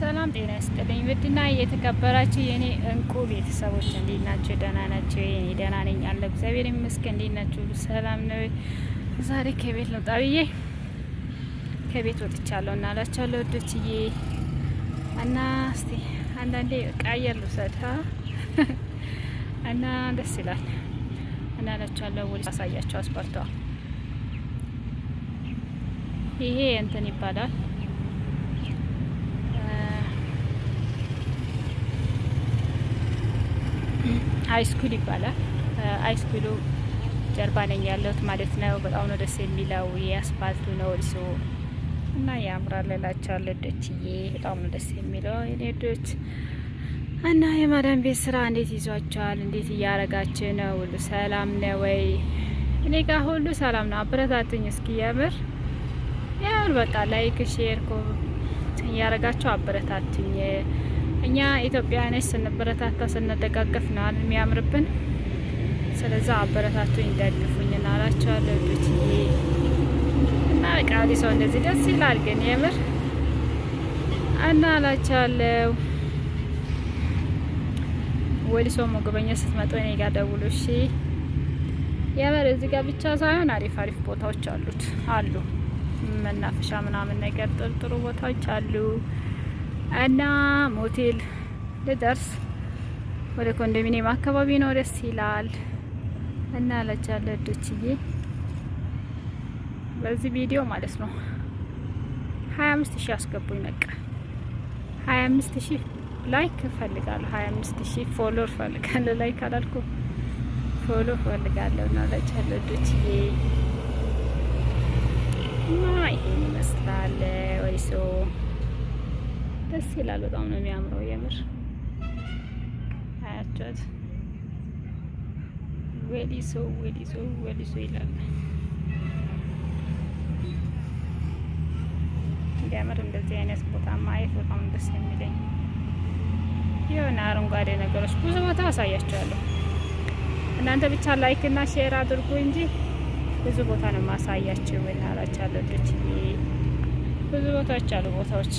ሰላም ጤና ይስጥልኝ። ውድና የተከበራችሁ የኔ እንቁ ቤተሰቦች እንዴት ናቸው? ደህና ናቸው? የኔ ደህና ነኝ አለ እግዚአብሔር ይመስገን። እንዴት ናቸው? ሰላም ነው። ዛሬ ከቤት ልውጣ ብዬ ከቤት ወጥቻለሁ እና አላቸዋለሁ ወዶችዬ እና እስቲ አንዳንዴ ዕቃ አየር ልውሰድ እና ደስ ይላል እና አላቸዋለሁ ውል አሳያቸው አስፓርተዋል። ይሄ እንትን ይባላል አይስኩል ይባላል። አይስኩሉ ጀርባ ነኝ ያለሁት ማለት ነው። በጣም ነው ደስ የሚለው የአስፋልቱ ነው እሱ እና ያምራል እላቸዋለሁ። ዶችዬ በጣም ነው ደስ የሚለው የኔ ዶች እና የማዳም ቤት ስራ እንዴት ይዟቸዋል? እንዴት እያረጋችሁ ነው? ሁሉ ሰላም ነው ወይ? እኔ ጋር ሁሉ ሰላም ነው። አበረታትኝ እስኪ የምር ያው በቃ ላይክ ሼር ኮ እያረጋችሁ አበረታትኝ። እኛ ኢትዮጵያውያኖች ስንበረታታ ስንደጋገፍ ነው የሚያምርብን። ስለዛ አበረታቱኝ፣ ደግፉኝ እናላቸዋለሁ ልጆች እና ቃሊ ሰው እንደዚህ ደስ ይላል። ግን የምር እናላቸዋለሁ። ወሊሶ መጎበኛ ስትመጡ እኔ ጋር ደውሉ እሺ። የምር እዚህ ጋር ብቻ ሳይሆን አሪፍ አሪፍ ቦታዎች አሉት አሉ መናፈሻ ምናምን ነገር ጥሩ ጥሩ ቦታዎች አሉ። እና ሞቴል ልደርስ ወደ ኮንዶሚኒየም አካባቢ ነው። ደስ ይላል እና አላችኋለሁ እዶችዬ በዚህ ቪዲዮ ማለት ነው 25 ሺህ አስገቡኝ። በቃ 25 ሺህ ላይክ እፈልጋለሁ። 25 ሺህ እፈልጋለሁ። ላይክ አላልኩ ፎሎ እፈልጋለሁ። እና አላችኋለሁ እዶችዬ እና ይሄን ይመስላል ወይሶ ደስ ይላል። በጣም ነው የሚያምረው። የምር አያቸት ወሊሶ ወሊሶ ወሊሶ ይላል። እንዲያምር እንደዚህ አይነት ቦታ ማየት በጣም ደስ የሚለኝ የሆነ አረንጓዴ ነገሮች ብዙ ቦታ አሳያቸዋለሁ። እናንተ ብቻ ላይክ እና ሼር አድርጉ እንጂ ብዙ ቦታ ነው ማሳያቸው። እናላቻለሁ ብዙ ቦታዎች አሉ ቦታዎች